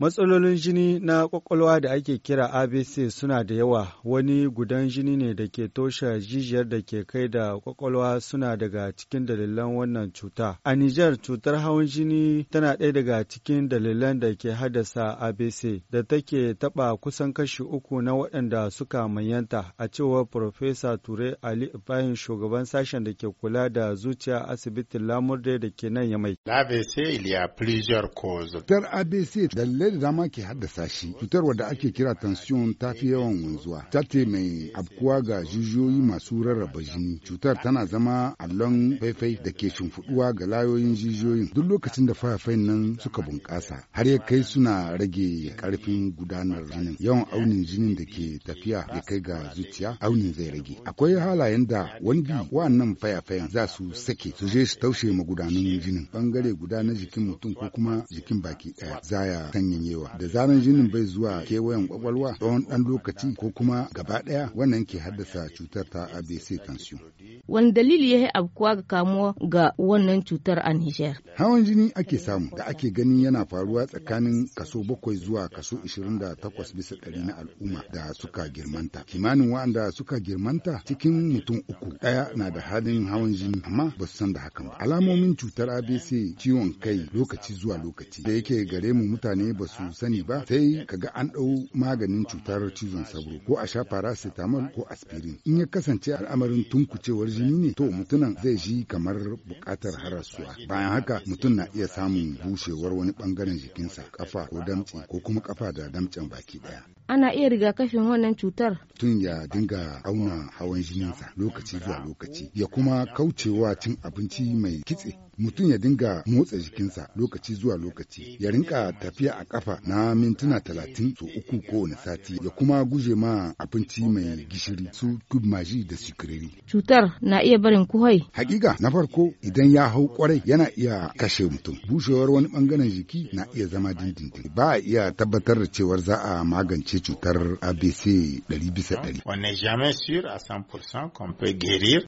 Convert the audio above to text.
Matsalolin jini na kwakwalwa da ake kira ABC suna da yawa, wani gudan jini ne da ke toshe jijiyar da ke kai da kwakwalwa suna daga cikin dalilan wannan cuta. A Nijar, cutar hawan jini tana ɗaya daga cikin dalilan da ke haddasa ABC da take taɓa kusan kashi uku na waɗanda suka manyanta, a cewar Profesa Ture Ali Ibrahim shugaban sashen da ke kula da zuciya asibitin Lamurde da ke nan Yamai. ABC, il y a plusieurs causes. dalilai da dama ke haddasa shi cutar wadda ake kira tansiyon ta fi yawan wanzuwa ta ce mai abkuwa ga jijiyoyi masu rarraba jini cutar tana zama allon faifai da ke shimfiɗuwa ga layoyin jijiyoyin duk lokacin da fafain nan suka bunƙasa har ya kai suna rage karfin gudanar jinin yawan aunin jinin da ke tafiya ya kai ga zuciya aunin zai rage akwai halayen da wani bi wannan fayafayan za su sake su je su taushe magudanun jinin bangare guda na jikin mutum ko kuma jikin baki ɗaya zaya sanya janyewa da zaran jinin bai zuwa kewayen kwakwalwa tsawon dan lokaci ko kuma gaba daya wannan ke haddasa cutar ta abc tension wani dalili ya yi abkuwa ga kamuwa ga wannan cutar a niger hawan jini ake samu da ake ganin yana faruwa tsakanin kaso bakwai zuwa kaso ishirin da takwas bisa ɗari na al'umma da suka girmanta kimanin waɗanda suka girmanta cikin mutum uku ɗaya na da halin hawan jini amma ba su san da hakan ba alamomin cutar abc ciwon kai lokaci zuwa lokaci da yake gare mu mutane ba ba su sani ba sai ka ga an ɗau maganin cutar cizon sauro ko a sha paracetamol ko aspirin in ya kasance al'amarin tunkucewar jini ne to mutumin zai ji kamar buƙatar harasuwa bayan haka mutum na iya samun bushewar wani bangaren jikinsa kafa ko damtse ko kuma kafa da damtsen baki ɗaya ana iya rigakafin wannan cutar tun ya dinga auna hawan jininsa lokaci zuwa lokaci ya kuma kaucewa cin abinci mai kitse mutum ya dinga motsa jikinsa lokaci zuwa lokaci ya rinka tafiya a kafa na mintuna talatin so uku ko wani sati ya kuma guje ma abinci mai gishiri su maji da sikiriri. Cutar na iya barin kuhai. Hakika na farko idan ya hau kwarai yana iya kashe mutum. Bushewar wani bangaren jiki na iya zama dindindin. Ba a iya tabbatar da cewar za a magance cutar ABC 100 bisa 100. On n'est jamais sûr à 100% qu'on peut guérir